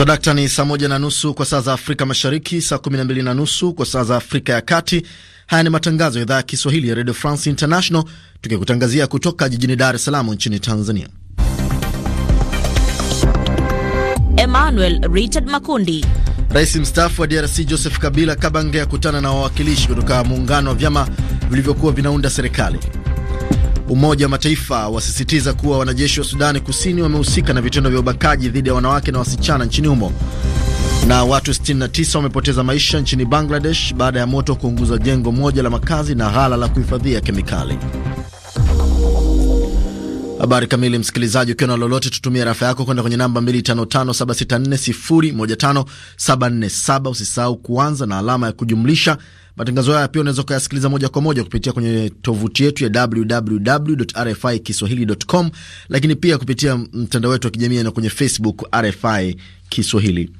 So, dakta ni saa moja na nusu kwa saa za Afrika Mashariki, saa kumi na mbili na nusu kwa saa za Afrika ya Kati. Haya ni matangazo ya idhaa ya Kiswahili ya Radio France International, tukikutangazia kutoka jijini Dar es Salaam nchini Tanzania. Emmanuel Richard Makundi. Rais mstaafu wa DRC Joseph Kabila Kabange akutana na wawakilishi kutoka muungano wa vyama vilivyokuwa vinaunda serikali. Umoja wa Mataifa wasisitiza kuwa wanajeshi wa Sudani Kusini wamehusika na vitendo vya ubakaji dhidi ya wanawake na wasichana nchini humo. Na watu 69 wamepoteza maisha nchini Bangladesh baada ya moto kuunguza jengo moja la makazi na ghala la kuhifadhia kemikali. Habari kamili, msikilizaji, ukiwa na lolote, tutumia rafa yako kwenda kwenye namba 255764015747. Usisahau kuanza na alama ya kujumlisha Matangazo haya pia unaweza kuyasikiliza moja kwa moja kupitia kwenye tovuti yetu ya www.rfikiswahili.com, lakini pia kupitia mtandao wetu wa kijamii na kwenye Facebook RFI Kiswahili.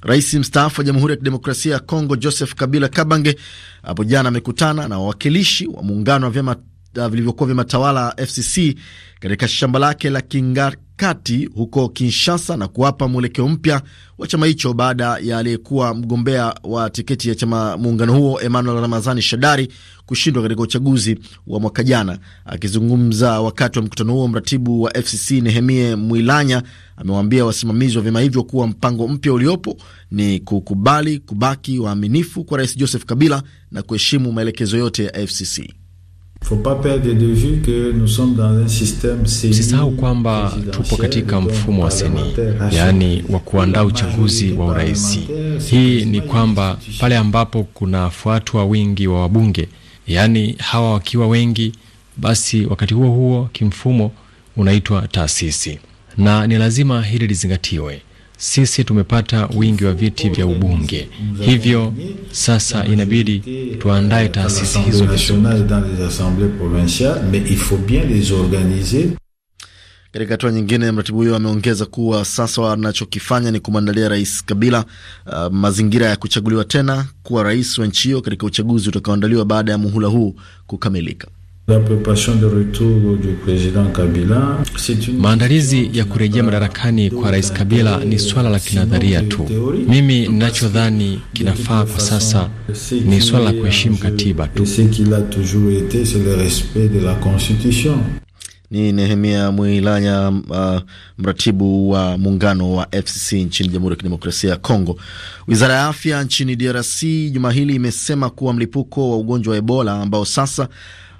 Rais mstaafu wa Jamhuri ya Kidemokrasia ya Kongo Joseph Kabila Kabange hapo jana amekutana na wawakilishi wa muungano wa vyama uh, vilivyokuwa matawala FCC katika shamba lake la kingakati huko Kinshasa na kuwapa mwelekeo mpya wa chama hicho baada ya aliyekuwa mgombea wa tiketi ya chama muungano huo Emmanuel Ramazani Shadari kushindwa katika uchaguzi wa mwaka jana. Akizungumza wakati wa mkutano huo, mratibu wa FCC Nehemie Mwilanya amewaambia wasimamizi wa vyama hivyo kuwa mpango mpya uliopo ni kukubali kubaki waaminifu kwa Rais Joseph Kabila na kuheshimu maelekezo yote ya FCC. Usisahau kwamba tupo katika mfumo wa seni, yaani wa kuandaa uchaguzi wa urais. Hii ni kwamba pale ambapo kunafuatwa wingi wa wabunge, yaani hawa wakiwa wengi, basi wakati huo huo kimfumo unaitwa taasisi, na ni lazima hili lizingatiwe sisi tumepata wingi wa viti vya ubunge, hivyo sasa inabidi tuandae taasisi hizo vizuri. Katika hatua nyingine, mratibu huyo ameongeza kuwa sasa wanachokifanya ni kumwandalia Rais Kabila uh, mazingira ya kuchaguliwa tena kuwa rais wa nchi hiyo katika uchaguzi utakaoandaliwa baada ya muhula huu kukamilika. Maandalizi ya kurejea madarakani kwa Rais Kabila ni swala la kinadharia tu. Mimi ninachodhani kinafaa kwa sasa ni swala la kuheshimu katiba tu. Ni Nehemia Mwilanya, uh, mratibu wa muungano wa FCC nchini Jamhuri ya Kidemokrasia ya Kongo. Wizara ya afya nchini DRC juma hili imesema kuwa mlipuko wa ugonjwa wa Ebola ambao sasa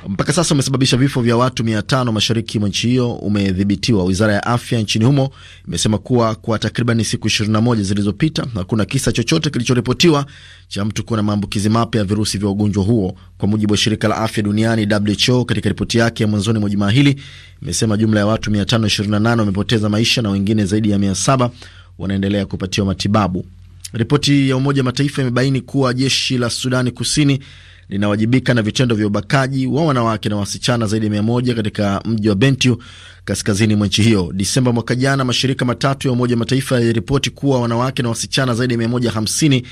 mpaka sasa umesababisha vifo vya watu mia tano mashariki mwa nchi hiyo umedhibitiwa. Wizara ya afya nchini humo imesema kuwa kwa takriban siku 21 zilizopita hakuna kisa chochote kilichoripotiwa cha mtu kuwa na maambukizi mapya ya virusi vya ugonjwa huo, kwa mujibu wa shirika la afya duniani WHO. Katika ripoti yake ya mwanzoni mwa jumaa hili imesema jumla ya watu 528 wamepoteza maisha na wengine zaidi ya 700 wanaendelea kupatiwa matibabu. Ripoti ya Umoja wa Mataifa imebaini kuwa jeshi la Sudani Kusini linawajibika na vitendo vya ubakaji wa wanawake na wasichana zaidi ya moja katika mji wa Bentiu kaskazini mwa nchi hiyo. Disemba mwaka jana, mashirika matatu ya Umoja Mataifa yaliripoti kuwa wanawake na wasichana zaidi ya 150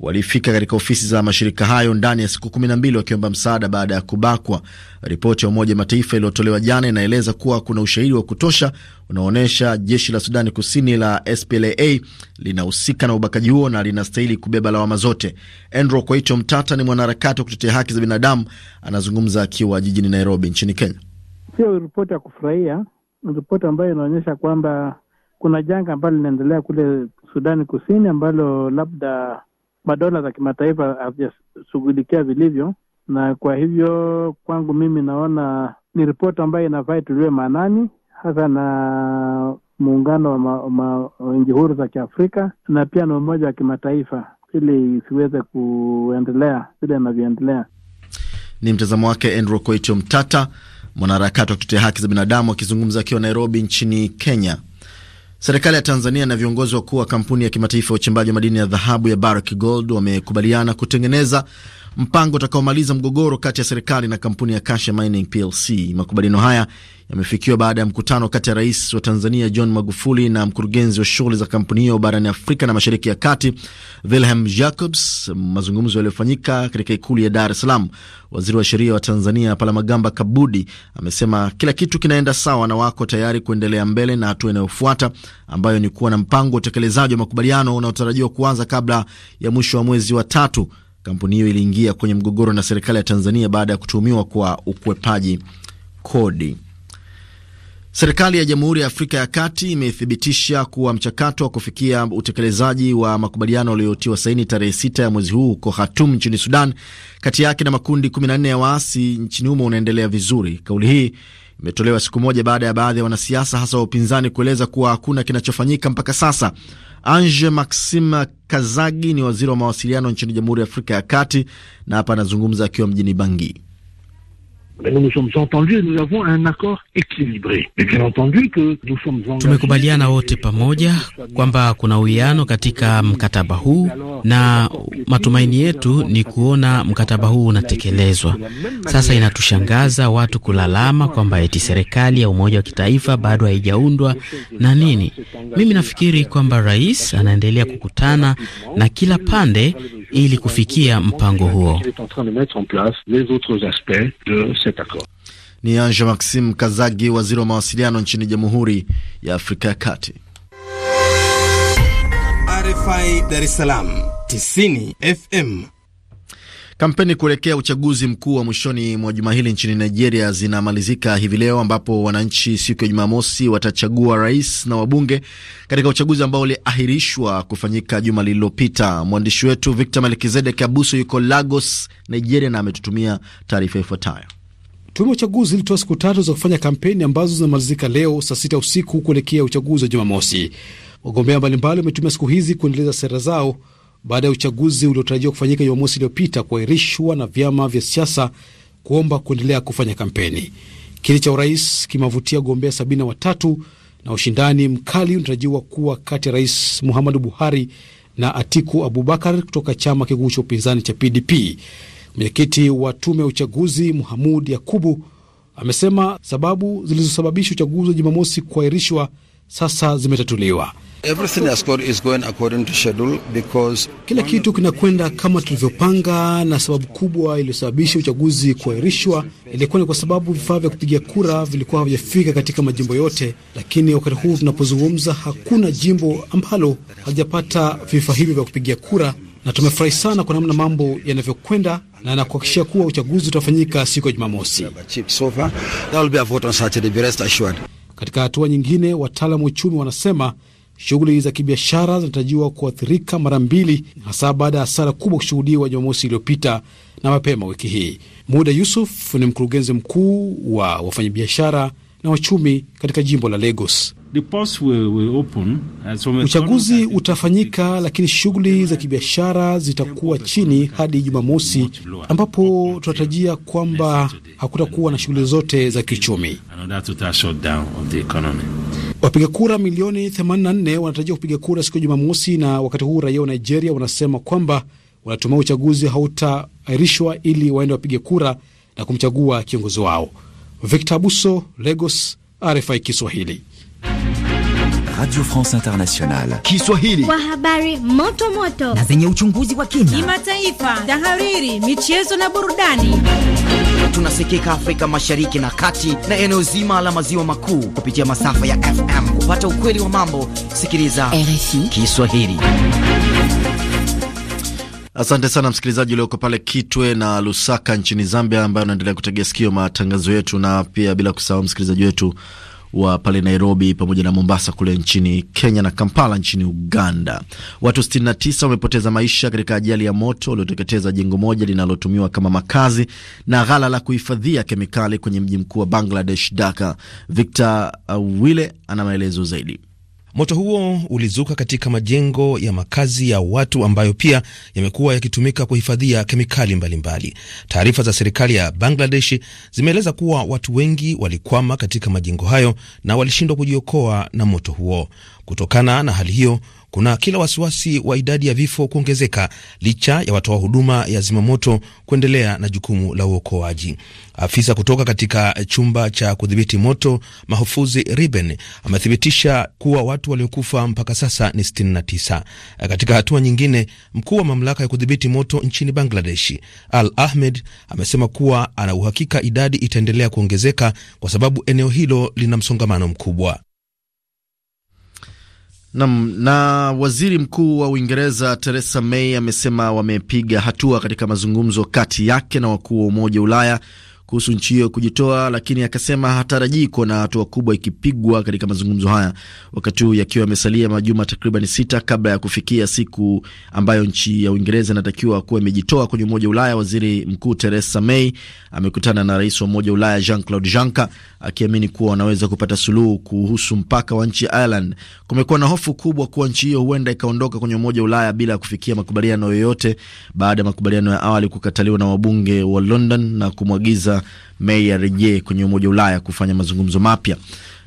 walifika katika ofisi za mashirika hayo ndani ya siku 12 wakiomba msaada baada ya kubakwa. Ripoti ya Umoja Mataifa iliyotolewa jana inaeleza kuwa kuna ushahidi wa kutosha unaonyesha jeshi la Sudani Kusini la SPLA linahusika na ubakaji huo na linastahili kubeba lawama zote. Andrew Koito Mtata ni mwanaharakati wa kutetea haki za binadamu, anazungumza akiwa jijini Nairobi nchini Kenya. Sio ripoti ya kufurahia, ripoti ambayo inaonyesha kwamba kuna janga ambalo linaendelea kule Sudani Kusini ambalo labda madola za kimataifa hazijashughulikia vilivyo, na kwa hivyo kwangu mimi naona ni ripoti ambayo inafaa ituliwe maanani hasa na muungano wa nchi huru za Kiafrika na pia na Umoja wa Kimataifa ili isiweze kuendelea vile inavyoendelea. Ni mtazamo wake Andrew koicho Mtata, mwanaharakati wa kutetea haki za binadamu akizungumza akiwa Nairobi nchini Kenya. Serikali ya Tanzania na viongozi wakuu wa kampuni ya kimataifa ya uchimbaji wa madini ya dhahabu ya Barrick Gold wamekubaliana kutengeneza mpango utakaomaliza mgogoro kati ya serikali na kampuni ya Kasha Mining plc. Makubaliano haya yamefikiwa baada ya mkutano kati ya rais wa Tanzania John Magufuli na mkurugenzi wa shughuli za kampuni hiyo barani Afrika na mashariki ya kati Wilhelm Jacobs, mazungumzo yaliyofanyika katika ikulu ya Dar es Salaam. Waziri wa sheria wa Tanzania Palamagamba Kabudi amesema kila kitu kinaenda sawa na wako tayari kuendelea mbele na hatua inayofuata ambayo ni kuwa na mpango wa utekelezaji wa makubaliano unaotarajiwa kuanza kabla ya mwisho wa mwezi wa tatu. Kampuni hiyo iliingia kwenye mgogoro na serikali ya Tanzania baada ya kutuhumiwa kwa ukwepaji kodi. Serikali ya Jamhuri ya Afrika ya Kati imethibitisha kuwa mchakato wa kufikia utekelezaji wa makubaliano yaliyotiwa saini tarehe sita ya mwezi huu huko Khartoum nchini Sudan, kati yake na makundi 14 ya waasi nchini humo unaendelea vizuri. Kauli hii imetolewa siku moja baada ya baadhi ya wanasiasa hasa wa upinzani kueleza kuwa hakuna kinachofanyika mpaka sasa Ange Maxime Kazagi ni waziri wa mawasiliano nchini Jamhuri ya Afrika ya Kati, na hapa anazungumza akiwa mjini Bangui. Tumekubaliana wote pamoja kwamba kuna uwiano katika mkataba huu, na matumaini yetu ni kuona mkataba huu unatekelezwa. Sasa inatushangaza watu kulalama kwamba eti serikali ya umoja wa kitaifa bado haijaundwa na nini. Mimi nafikiri kwamba rais anaendelea kukutana na kila pande ili kufikia mpango huo. Ni Anje Maxim Kazagi, waziri wa mawasiliano nchini Jamhuri ya Afrika ya Kati. RFI Dar es Salaam 90 FM. Kampeni kuelekea uchaguzi mkuu wa mwishoni mwa juma hili nchini Nigeria zinamalizika hivi leo, ambapo wananchi siku ya Jumamosi watachagua rais na wabunge katika uchaguzi ambao uliahirishwa kufanyika juma lililopita. Mwandishi wetu Victor Melkizedek Abuso yuko Lagos, Nigeria, na ametutumia taarifa ifuatayo. Tume ya uchaguzi ilitoa siku tatu za kufanya kampeni ambazo zinamalizika leo saa sita usiku kuelekea uchaguzi wa Jumamosi. Wagombea mbalimbali wametumia siku hizi kuendeleza sera zao baada ya uchaguzi uliotarajiwa kufanyika Jumamosi iliyopita kuahirishwa na vyama vya siasa kuomba kuendelea kufanya kampeni. Kiti cha urais kimewavutia wagombea sabini na watatu na ushindani mkali unatarajiwa kuwa kati ya Rais Muhammadu Buhari na Atiku Abubakar kutoka chama kikuu cha upinzani cha PDP. Mwenyekiti wa tume ya uchaguzi Muhamud Yakubu amesema sababu zilizosababisha uchaguzi wa Jumamosi kuahirishwa sasa zimetatuliwa. Kila kitu kinakwenda kama tulivyopanga, na sababu kubwa iliyosababisha uchaguzi kuahirishwa ilikuwa ni kwa sababu vifaa vya kupigia kura vilikuwa havijafika katika majimbo yote, lakini wakati huu tunapozungumza, hakuna jimbo ambalo halijapata vifaa hivyo vya kupigia kura, na tumefurahi sana kwa namna mambo yanavyokwenda na nakuhakikishia kuwa uchaguzi utafanyika siku ya Jumamosi. Katika hatua nyingine, wataalamu wa uchumi wanasema Shughuli za kibiashara zinatarajiwa kuathirika mara mbili, hasa baada ya hasara kubwa kushuhudiwa Jumamosi iliyopita na mapema wiki hii. Muda Yusuf ni mkurugenzi mkuu wa wafanyabiashara na wachumi katika jimbo la Lagos. Uchaguzi utafanyika lakini shughuli za kibiashara zitakuwa chini hadi Jumamosi, ambapo tunatarajia kwamba hakutakuwa na shughuli zote za kiuchumi. Wapiga kura milioni 84 wanatarajia kupiga kura siku ya Jumamosi, na wakati huu raia wa Nigeria wanasema kwamba wanatumai uchaguzi hautaairishwa ili waende wapige kura na kumchagua kiongozi wao. Victor Abuso, Lagos, RFI Kiswahili. Radio France Internationale Kiswahili kwa habari moto moto na zenye uchunguzi wa kina, kimataifa, tahariri, michezo na burudani. Tunasikika Afrika Mashariki na Kati na eneo zima la maziwa makuu kupitia masafa ya FM. Kupata ukweli wa mambo, sikiliza RFI Kiswahili. Asante sana msikilizaji ulioko pale Kitwe na Lusaka nchini Zambia, ambayo anaendelea kutegea sikio matangazo yetu, na pia bila kusahau msikilizaji wetu wa pale Nairobi pamoja na Mombasa kule nchini Kenya na Kampala nchini Uganda. Watu 69 wamepoteza maisha katika ajali ya moto ulioteketeza jengo moja linalotumiwa kama makazi na ghala la kuhifadhia kemikali kwenye mji mkuu wa Bangladesh, Dhaka. Victor Wile ana maelezo zaidi. Moto huo ulizuka katika majengo ya makazi ya watu ambayo pia yamekuwa yakitumika kuhifadhia kemikali mbalimbali. Taarifa za serikali ya Bangladesh zimeeleza kuwa watu wengi walikwama katika majengo hayo na walishindwa kujiokoa na moto huo. Kutokana na hali hiyo, kuna kila wasiwasi wa idadi ya vifo kuongezeka licha ya watoa huduma ya zimamoto kuendelea na jukumu la uokoaji. Afisa kutoka katika chumba cha kudhibiti moto Mahufuzi Riben amethibitisha kuwa watu waliokufa mpaka sasa ni 69. Katika hatua nyingine, mkuu wa mamlaka ya kudhibiti moto nchini Bangladeshi Al Ahmed amesema kuwa ana uhakika idadi itaendelea kuongezeka kwa sababu eneo hilo lina msongamano mkubwa. Na, na waziri mkuu wa Uingereza Theresa May amesema wamepiga hatua katika mazungumzo kati yake na wakuu wa Umoja wa Ulaya kuhusu nchi hiyo kujitoa, lakini akasema hatarajii kuona hatua kubwa ikipigwa katika mazungumzo haya, wakati huu yakiwa yamesalia majuma takriban sita kabla ya kufikia siku ambayo nchi ya Uingereza inatakiwa kuwa imejitoa kwenye Umoja wa Ulaya. Waziri Mkuu Theresa May amekutana na rais wa Umoja wa Ulaya Jean Claude Juncker akiamini kuwa wanaweza kupata suluhu kuhusu mpaka wa nchi ya Ireland. Kumekuwa na hofu kubwa kuwa nchi hiyo huenda ikaondoka kwenye Umoja wa Ulaya bila ya kufikia makubaliano yoyote, baada ya makubaliano ya awali kukataliwa na wabunge wa London na kumwagiza mei May arejee kwenye Umoja wa Ulaya kufanya mazungumzo mapya.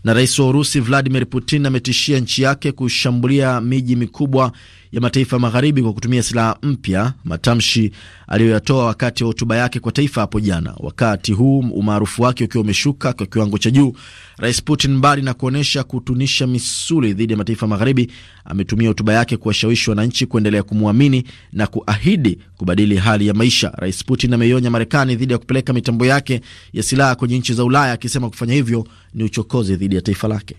Na rais wa Urusi Vladimir Putin ametishia nchi yake kushambulia miji mikubwa ya mataifa ya magharibi kwa kutumia silaha mpya, matamshi aliyoyatoa wakati wa hotuba yake kwa taifa hapo jana. Wakati huu umaarufu wake ukiwa umeshuka kwa kiwango cha juu, Rais Putin, mbali na kuonyesha kutunisha misuli dhidi ya mataifa magharibi, ametumia hotuba yake kuwashawishi wananchi kuendelea kumwamini na kuahidi kubadili hali ya maisha. Rais Putin ameionya Marekani dhidi ya kupeleka mitambo yake ya silaha kwenye nchi za Ulaya, akisema kufanya hivyo ni uchokozi dhidi ya taifa lake.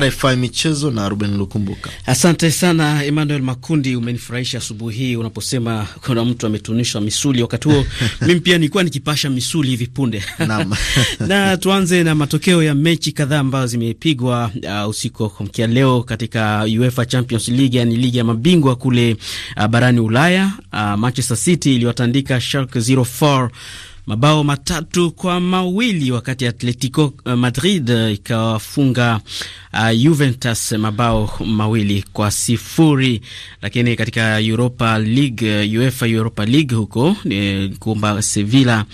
RFI Michezo na Ruben Lukumbuka. Asante sana Emmanuel Makundi, umenifurahisha asubuhi hii unaposema kuna mtu ametunishwa misuli. Wakati huo mimi pia nilikuwa nikipasha misuli hivi punde na tuanze na matokeo ya mechi kadhaa ambazo zimepigwa uh, usiku wa kuamkia leo katika UEFA Champions League, yani ligi ya mabingwa kule uh, barani Ulaya. Uh, Manchester City iliwatandika Schalke 04 mabao matatu kwa mawili wakati Atletico eh, Madrid eh, ikawafunga uh, Juventus mabao mawili kwa sifuri. Lakini katika Europa League, UEFA Europa League huko ni kwamba Sevilla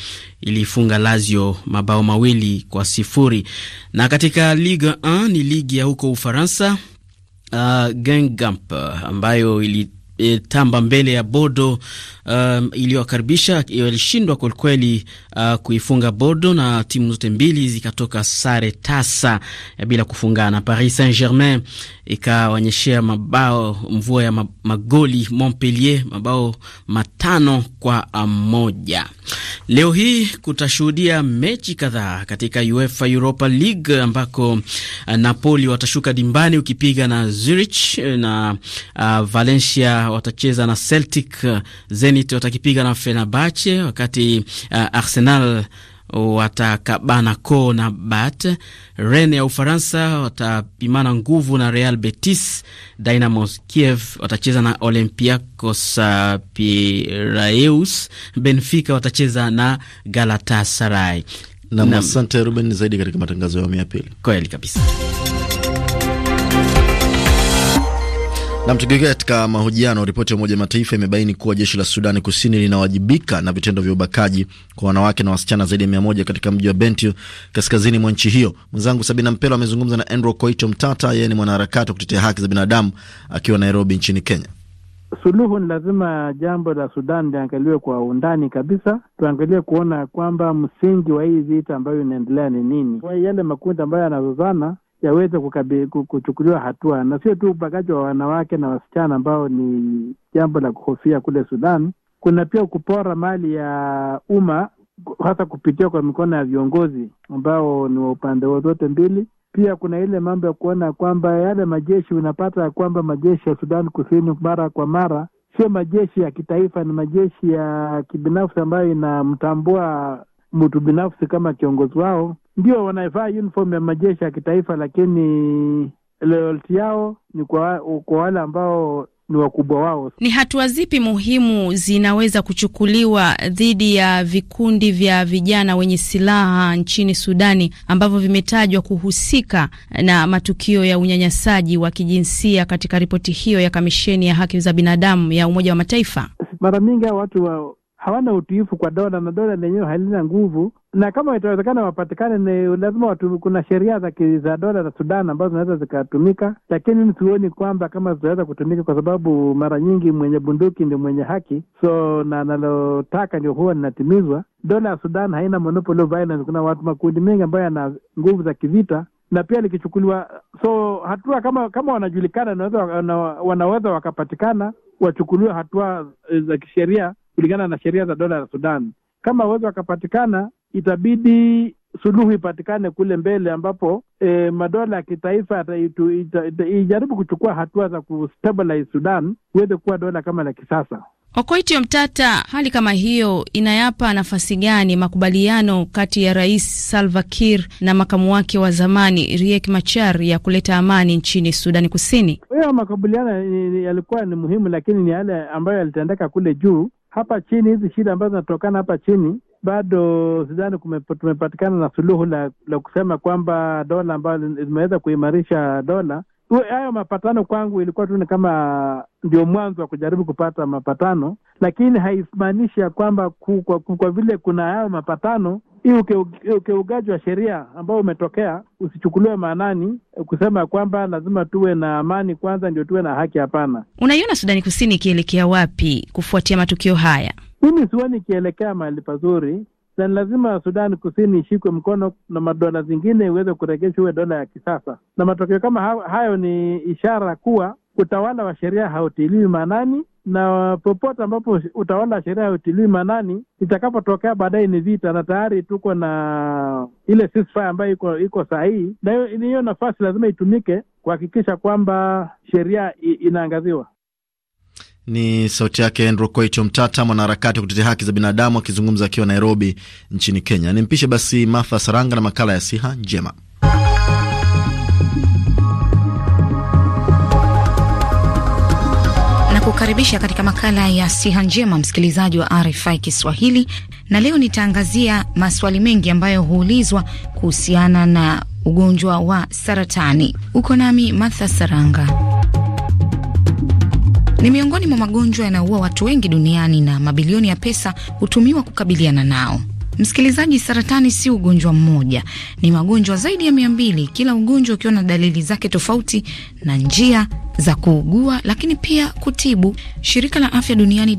ilifunga Lazio mabao mawili kwa sifuri. Na katika Ligue 1 ni ligi ya huko Ufaransa, uh, Gengamp ambayo ili e, tamba mbele ya Bodo um, iliyowakaribisha ilishindwa kwelikweli uh, kuifunga Bodo na timu zote mbili zikatoka sare tasa eh, bila kufungana. Paris Saint-Germain ikaonyeshea mabao mvua ya magoli Montpellier mabao matano kwa moja. Leo hii kutashuhudia mechi kadhaa katika UEFA Europa League ambako uh, Napoli watashuka dimbani ukipiga na Zurich eh, na uh, Valencia watacheza na Celtic, Zenit watakipiga na Fenerbahce, wakati uh, Arsenal watakabana co na Bat. Rennes ya Ufaransa watapimana nguvu na Real Betis. Dynamo Kiev watacheza na Olympiacos uh, Piraeus. Benfica watacheza na Galatasaray. Nam, asante Ruben zaidi katika matangazo ya awamu ya pili. Kweli kabisa. Na mtukiwekea katika mahojiano, ripoti ya Umoja Mataifa imebaini kuwa jeshi la Sudani Kusini linawajibika na vitendo vya ubakaji kwa wanawake na wasichana zaidi ya mia moja katika mji wa Bentiu kaskazini mwa nchi hiyo. Mwenzangu Sabina Mpelo amezungumza na Andrew Koito Mtata, yeye ni mwanaharakati wa kutetea haki za binadamu akiwa Nairobi nchini Kenya. Suluhu ni lazima jambo la Sudan liangaliwe kwa undani kabisa, tuangalie kuona kwamba msingi wa hii vita ambayo inaendelea ni nini. Yale makundi ambayo yanazozana yaweze kuchukuliwa hatua, na sio tu ubakaji wa wanawake na wasichana ambao ni jambo la kuhofia kule Sudan. Kuna pia kupora mali ya umma, hasa kupitia kwa mikono ya viongozi ambao ni wa upande zote mbili. Pia kuna ile mambo ya kuona kwamba yale majeshi, unapata ya kwamba majeshi ya Sudan Kusini mara kwa mara sio majeshi ya kitaifa, ni majeshi ya kibinafsi ambayo inamtambua mtu binafsi kama kiongozi wao ndio wanaevaa uniform ya majeshi ya kitaifa, lakini loyalty yao ni kwa, kwa wale ambao ni wakubwa wao. Ni hatua zipi muhimu zinaweza kuchukuliwa dhidi ya vikundi vya vijana wenye silaha nchini Sudani ambavyo vimetajwa kuhusika na matukio ya unyanyasaji wa kijinsia katika ripoti hiyo ya kamisheni ya haki za binadamu ya Umoja wa Mataifa? Mara nyingi hao watu wa hawana utiifu kwa dola na dola lenyewe halina nguvu, na kama itawezekana wapatikane, ni lazima watu, kuna sheria za, za dola za Sudan ambazo zinaweza zikatumika, lakini mimi sioni kwamba kama zitaweza kutumika, kwa sababu mara nyingi mwenye bunduki ndio mwenye haki, so na analotaka ndio huwa linatimizwa. Dola ya Sudan haina monopoly violence. Kuna watu makundi mengi ambayo yana nguvu za kivita na pia likichukuliwa, so hatua kama kama wanajulikana, wanaweza wakapatikana, wachukuliwe hatua za kisheria kulingana na sheria za dola ya Sudan. Kama uwezo wakapatikana itabidi suluhu ipatikane kule mbele ambapo e, madola ya kitaifa ijaribu kuchukua hatua za kustabilize Sudan huweze kuwa dola kama la kisasa. Okoitio Mtata, hali kama hiyo inayapa nafasi gani makubaliano kati ya Rais Salva Kiir na makamu wake wa zamani Riek Machar ya kuleta amani nchini Sudani Kusini? Hiyo makubaliano yalikuwa ni muhimu, lakini ni yale ambayo yalitendeka kule juu hapa chini, hizi shida ambazo zinatokana hapa chini bado sidhani tumepatikana na suluhu la, la kusema kwamba dola ambayo limeweza kuimarisha dola. Hayo mapatano kwangu ilikuwa tu ni kama ndio mwanzo wa kujaribu kupata mapatano, lakini haimaanishi ya kwamba kwa, kwa vile kuna hayo mapatano hii ukiugaji wa sheria ambao umetokea usichukuliwe maanani kusema kwamba lazima tuwe na amani kwanza ndio tuwe na haki. Hapana. Unaiona Sudani Kusini ikielekea wapi kufuatia matukio haya? Mimi sioni ikielekea mahali pazuri, na ni lazima Sudani Kusini ishikwe mkono na madola zingine iweze kuregeshwa huwe dola ya kisasa, na matokeo kama hayo ni ishara kuwa utawala wa sheria hautiliwi maanani na popote ambapo utaona sheria ya utilii manani itakapotokea baadaye ni vita, na tayari tuko na ile ceasefire ambayo iko iko sahihi, na hiyo nafasi lazima itumike kuhakikisha kwamba sheria inaangaziwa. Ni sauti yake Andrew Koicho Mtata, mwanaharakati wa kutetea haki za binadamu akizungumza akiwa Nairobi nchini Kenya. Nimpishe basi Martha Saranga na makala ya siha njema. kukaribisha katika makala ya siha njema, msikilizaji wa RFI Kiswahili, na leo nitaangazia maswali mengi ambayo huulizwa kuhusiana na ugonjwa wa saratani. Uko nami Martha Saranga. Ni miongoni mwa magonjwa yanaua watu wengi duniani na mabilioni ya pesa hutumiwa kukabiliana nao. Msikilizaji, saratani si ugonjwa mmoja, ni magonjwa zaidi ya mia mbili, kila ugonjwa ukiwa na dalili zake tofauti na njia za kuugua lakini pia kutibu. Shirika la afya duniani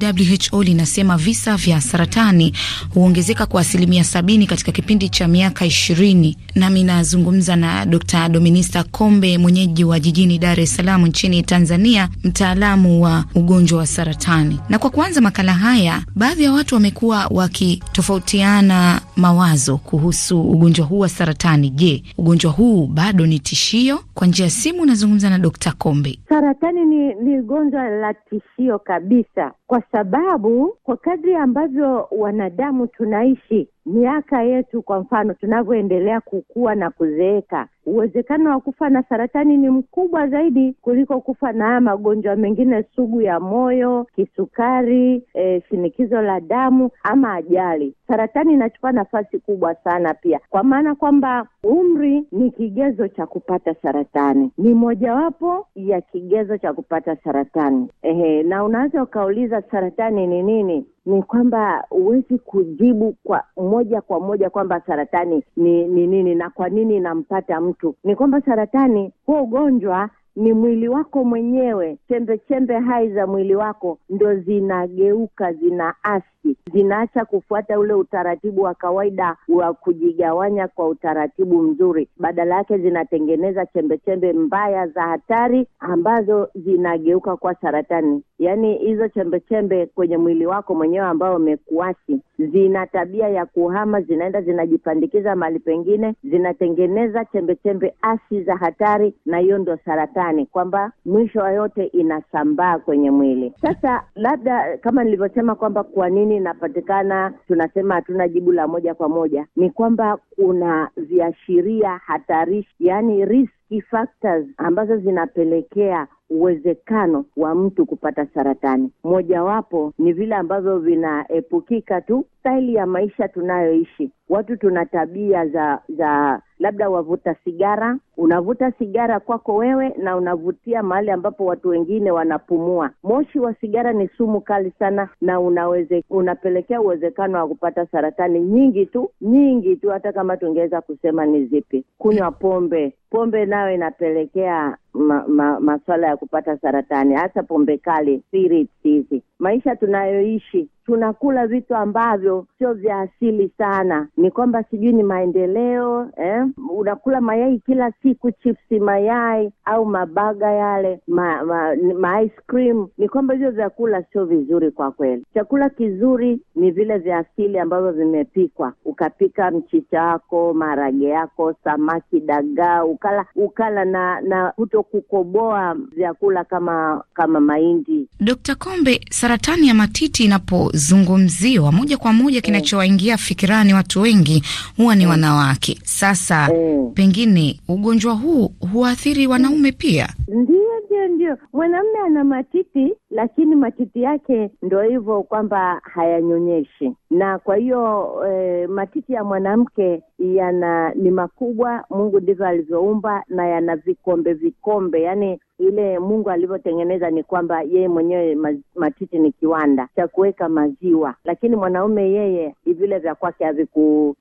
WHO linasema visa vya saratani huongezeka kwa asilimia sabini katika kipindi cha miaka ishirini. Nami nazungumza na Dr. Dominista Kombe, mwenyeji wa jijini Dar es Salaam nchini Tanzania, mtaalamu wa ugonjwa wa saratani. Na kwa kuanza makala haya, baadhi ya watu wamekuwa wakitofautiana mawazo kuhusu ugonjwa huu wa saratani. Je, ugonjwa huu bado ni tishio? Kwa njia ya simu nazungumza na Dr. Kombe. Saratani ni, ni gonjwa la tishio kabisa, kwa sababu kwa kadri ambavyo wanadamu tunaishi miaka yetu, kwa mfano, tunavyoendelea kukua na kuzeeka, uwezekano wa kufa na saratani ni mkubwa zaidi kuliko kufa na haya magonjwa mengine sugu ya moyo, kisukari, e, shinikizo la damu ama ajali. Saratani inachukua nafasi kubwa sana pia, kwa maana kwamba umri ni kigezo cha kupata saratani, ni mojawapo ya kigezo cha kupata saratani. Ehe, na unaweza ukauliza saratani ni nini? ni kwamba huwezi kujibu kwa moja kwa moja kwamba saratani ni ni nini na kwa nini inampata mtu. Ni kwamba saratani, huo ugonjwa ni mwili wako mwenyewe, chembe chembe hai za mwili wako ndo zinageuka, zinaasi, zinaacha kufuata ule utaratibu wa kawaida wa kujigawanya kwa utaratibu mzuri, badala yake zinatengeneza chembe chembe mbaya za hatari ambazo zinageuka kwa saratani yaani hizo chembe chembe kwenye mwili wako mwenyewe ambao umekuasi zina tabia ya kuhama, zinaenda zinajipandikiza mahali pengine, zinatengeneza chembe chembe asi za hatari, na hiyo ndo saratani, kwamba mwisho wa yote inasambaa kwenye mwili. Sasa labda kama nilivyosema kwamba kwa nini inapatikana, tunasema hatuna jibu la moja kwa moja, ni kwamba kuna viashiria hatarishi, yaani risk factors ambazo zinapelekea uwezekano wa mtu kupata saratani. Mojawapo ni vile ambavyo vinaepukika tu, staili ya maisha tunayoishi. Watu tuna tabia za za labda wavuta sigara, unavuta sigara kwako wewe na unavutia mahali ambapo watu wengine wanapumua. Moshi wa sigara ni sumu kali sana, na unaweze, unapelekea uwezekano wa kupata saratani nyingi tu nyingi tu, hata kama tungeweza kusema ni zipi. Kunywa pombe, pombe nayo inapelekea ma, ma, maswala ya kupata saratani, hasa pombe kali, spirits hizi. Maisha tunayoishi tunakula vitu ambavyo sio vya asili sana. Ni kwamba sijui ni maendeleo eh? Unakula mayai kila siku, chipsi mayai au mabaga yale ma, ma, ma ice cream. Ni kwamba hivyo vyakula sio vizuri kwa kweli. Chakula kizuri ni vile vya asili ambavyo vimepikwa, ukapika mchicha wako, maharage yako, samaki, dagaa, ukala ukala na na kuto kukoboa vyakula kama kama mahindi. Dkt. Kombe, saratani ya matiti inapo kuzungumziwa moja kwa moja mm. kinachowaingia fikirani watu wengi huwa ni mm. wanawake. Sasa mm. pengine ugonjwa huu huathiri wanaume pia? Ndio, ndio, ndio. mwanaume ana matiti lakini matiti yake ndo hivyo kwamba hayanyonyeshi, na kwa hiyo e, matiti ya mwanamke yana ni makubwa. Mungu ndivyo alivyoumba, na yana vikombe vikombe, yani ile Mungu alivyotengeneza ni kwamba yeye mwenyewe matiti ni kiwanda cha kuweka maziwa, lakini mwanaume yeye vile vya kwake haviku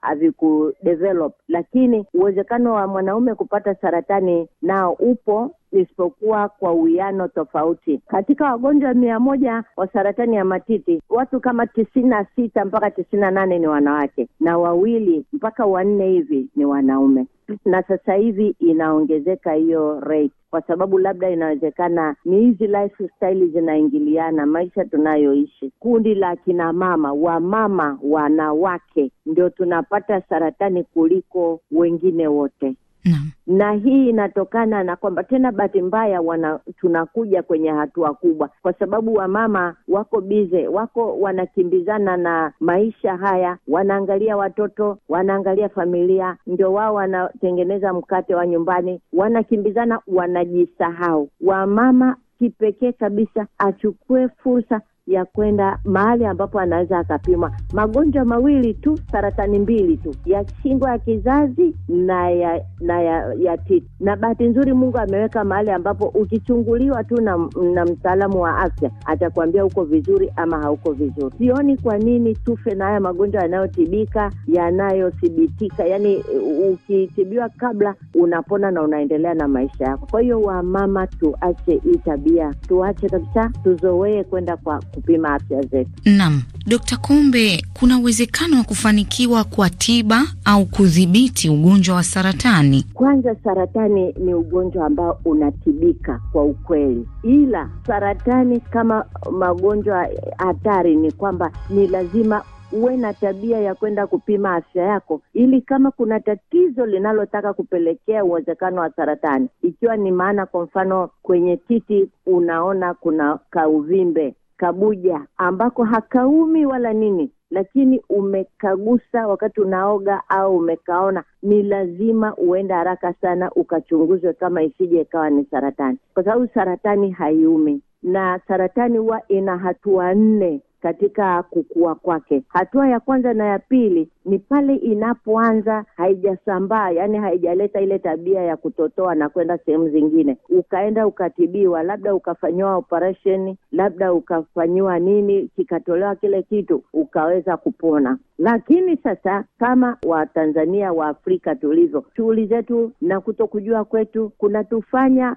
lakini uwezekano wa mwanaume kupata saratani nao upo isipokuwa kwa uwiano tofauti. Katika wagonjwa mia moja wa saratani ya matiti, watu kama tisini na sita mpaka tisini na nane ni wanawake na wawili mpaka wanne hivi ni wanaume na sasa hivi inaongezeka hiyo rate kwa sababu labda inawezekana ni hizi lifestyle zinaingiliana, maisha tunayoishi. Kundi la kinamama, wamama, wanawake ndio tunapata saratani kuliko wengine wote na, na hii inatokana na kwamba tena bahati mbaya wana tunakuja kwenye hatua kubwa, kwa sababu wamama wako bize, wako wanakimbizana na maisha haya, wanaangalia watoto, wanaangalia familia, ndio wao wanatengeneza mkate wa nyumbani, wanakimbizana, wanajisahau. Wamama kipekee kabisa achukue fursa ya kwenda mahali ambapo anaweza akapimwa magonjwa mawili tu, saratani mbili tu, ya shingo ya kizazi na ya na ya, ya titi. Na bahati nzuri Mungu ameweka mahali ambapo ukichunguliwa tu na, na mtaalamu wa afya atakuambia uko vizuri ama hauko vizuri. Sioni kwa nini tufe na haya magonjwa yanayotibika yanayothibitika, yani ukitibiwa kabla unapona na unaendelea na maisha yako. Kwa hiyo wamama, tuache hii tabia, tuache kabisa, tuzoee kwenda kwa kupima afya zetu. Naam, Dkt. Kombe, kuna uwezekano wa kufanikiwa kwa tiba au kudhibiti ugonjwa wa saratani? Kwanza, saratani ni ugonjwa ambao unatibika kwa ukweli, ila saratani kama magonjwa hatari ni kwamba ni lazima uwe na tabia ya kwenda kupima afya yako, ili kama kuna tatizo linalotaka kupelekea uwezekano wa saratani, ikiwa ni maana, kwa mfano kwenye titi unaona kuna kauvimbe kabuja ambako hakaumi wala nini lakini umekagusa wakati unaoga au umekaona, ni lazima uende haraka sana ukachunguzwe, kama isije ikawa ni saratani, kwa sababu saratani haiumi, na saratani huwa ina hatua nne katika kukua kwake. Hatua ya kwanza na ya pili ni pale inapoanza haijasambaa, yani haijaleta ile tabia ya kutotoa na kwenda sehemu zingine, ukaenda ukatibiwa, labda ukafanyiwa operesheni, labda ukafanyiwa nini, kikatolewa kile kitu, ukaweza kupona. Lakini sasa kama Watanzania wa Afrika tulivyo, shughuli zetu na kuto kujua kwetu kunatufanya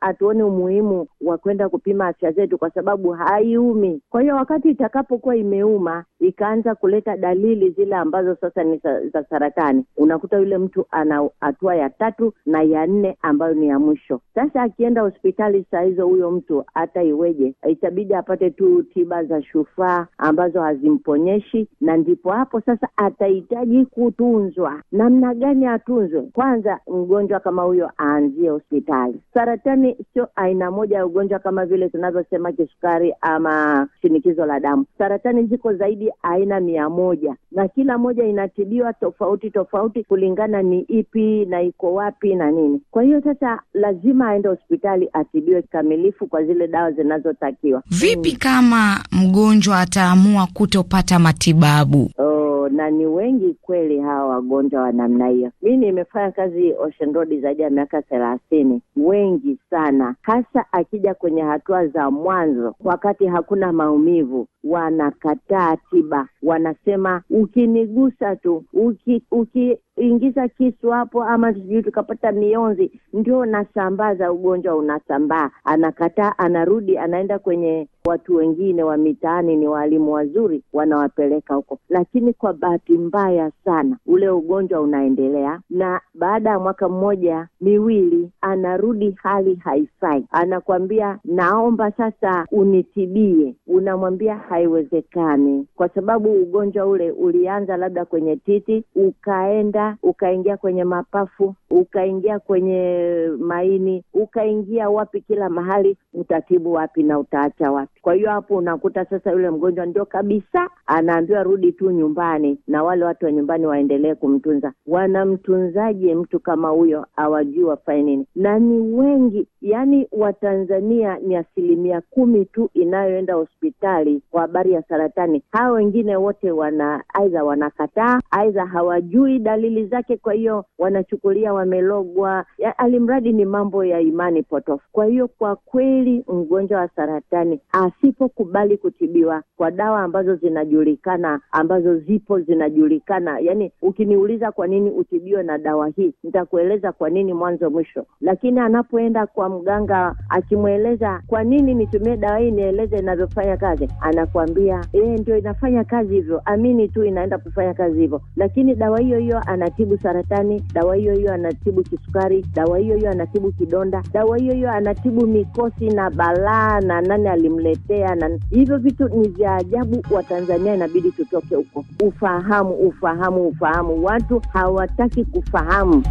hatuoni umuhimu wa kwenda kupima afya zetu, kwa sababu haiumi. Kwa hiyo wakati itakapokuwa imeuma ikaanza kuleta dalili zile kabla ambazo sasa ni za saratani, unakuta yule mtu ana hatua ya tatu na ya nne ambayo ni ya mwisho. Sasa akienda hospitali saa hizo, huyo mtu hata iweje, itabidi apate tu tiba za shufaa ambazo hazimponyeshi, na ndipo hapo sasa atahitaji kutunzwa. Namna gani atunzwe? Kwanza mgonjwa kama huyo aanzie hospitali. Saratani sio aina moja ya ugonjwa kama vile tunavyosema kisukari ama shinikizo la damu. Saratani ziko zaidi aina mia moja, lakini kila moja inatibiwa tofauti tofauti kulingana ni ipi na iko wapi na nini. Kwa hiyo sasa lazima aende hospitali atibiwe kikamilifu kwa zile dawa zinazotakiwa. Vipi kama mgonjwa ataamua kutopata matibabu? Oh na ni wengi kweli hawa wagonjwa wa namna hiyo. Mi nimefanya kazi Ocean Road zaidi ya miaka thelathini, wengi sana, hasa akija kwenye hatua za mwanzo, wakati hakuna maumivu, wanakataa tiba, wanasema ukinigusa tu uki, uki ingiza kisu hapo, ama sijui tukapata mionzi, ndio nasambaza ugonjwa, unasambaa. Anakataa, anarudi, anaenda kwenye watu wengine wa mitaani, ni waalimu wazuri, wanawapeleka huko, lakini kwa bahati mbaya sana ule ugonjwa unaendelea, na baada ya mwaka mmoja miwili anarudi, hali haifai, anakwambia naomba sasa unitibie. Unamwambia haiwezekani, kwa sababu ugonjwa ule ulianza labda kwenye titi ukaenda ukaenda ukaingia kwenye mapafu, ukaingia kwenye maini, ukaingia wapi, kila mahali, utatibu wapi na utaacha wapi? Kwa hiyo hapo unakuta sasa yule mgonjwa ndio kabisa anaambiwa rudi tu nyumbani, na wale watu wa nyumbani waendelee kumtunza. Wanamtunzaje mtu kama huyo? awajui wafanye nini, na ni wengi, yani Watanzania ni asilimia kumi tu inayoenda hospitali kwa habari ya saratani. Hawa wengine wote wana aidha wanakataa, aidha hawajui dalili akili zake, kwa hiyo wanachukulia wamelogwa, alimradi ni mambo ya imani potofu. Kwa hiyo kwa kweli mgonjwa wa saratani asipokubali kutibiwa kwa dawa ambazo zinajulikana, ambazo zipo zinajulikana, yani ukiniuliza kwa nini utibiwe na dawa hii, nitakueleza kwa nini mwanzo mwisho, lakini anapoenda kwa mganga akimweleza kwa nini nitumie dawa hii, nieleze inavyofanya kazi, anakuambia yeye eh, ndio inafanya kazi hivyo, amini tu inaenda kufanya kazi hivyo, lakini dawa hiyo hiyo ana anatibu saratani, dawa hiyo hiyo anatibu kisukari, dawa hiyo hiyo anatibu kidonda, dawa hiyo hiyo anatibu mikosi na balaa na nani alimletea, na hivyo vitu ni vya ajabu. Watanzania inabidi tutoke huko, ufahamu, ufahamu, ufahamu. Watu hawataki kufahamu.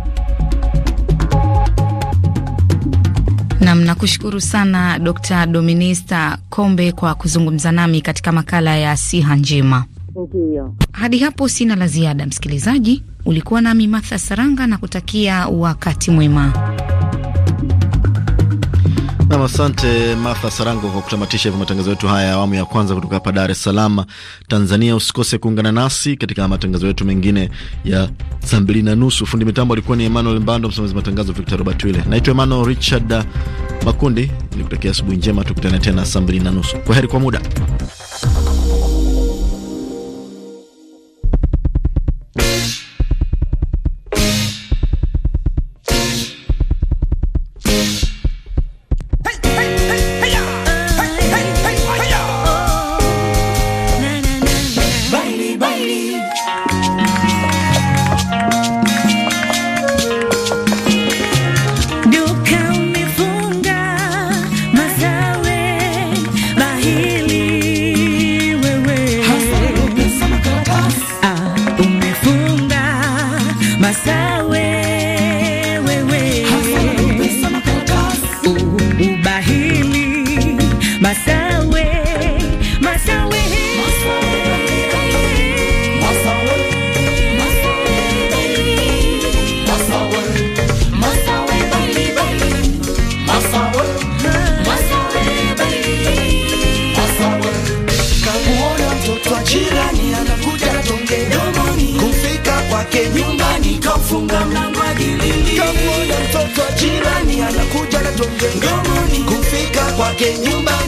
Nam, nakushukuru sana Dr. Dominista Kombe kwa kuzungumza nami katika makala ya Siha Njema. Ndiyo, hadi hapo sina la ziada, msikilizaji. Ulikuwa nami Martha Saranga na kutakia wakati mwema. Nam, asante Martha Sarango kwa kutamatisha hivyo matangazo yetu haya ya awamu ya kwanza kutoka hapa Dar es Salaam, Tanzania. Usikose kuungana nasi katika matangazo yetu mengine ya saa mbili na nusu. Fundi mitambo alikuwa ni Emmanuel Mbando, msimamizi matangazo Victor Robert Wile. Naitwa Emmanuel Richard Makundi, nikutakia asubuhi njema, tukutane tena saa mbili na nusu. Kwa heri kwa muda. kwake nyumba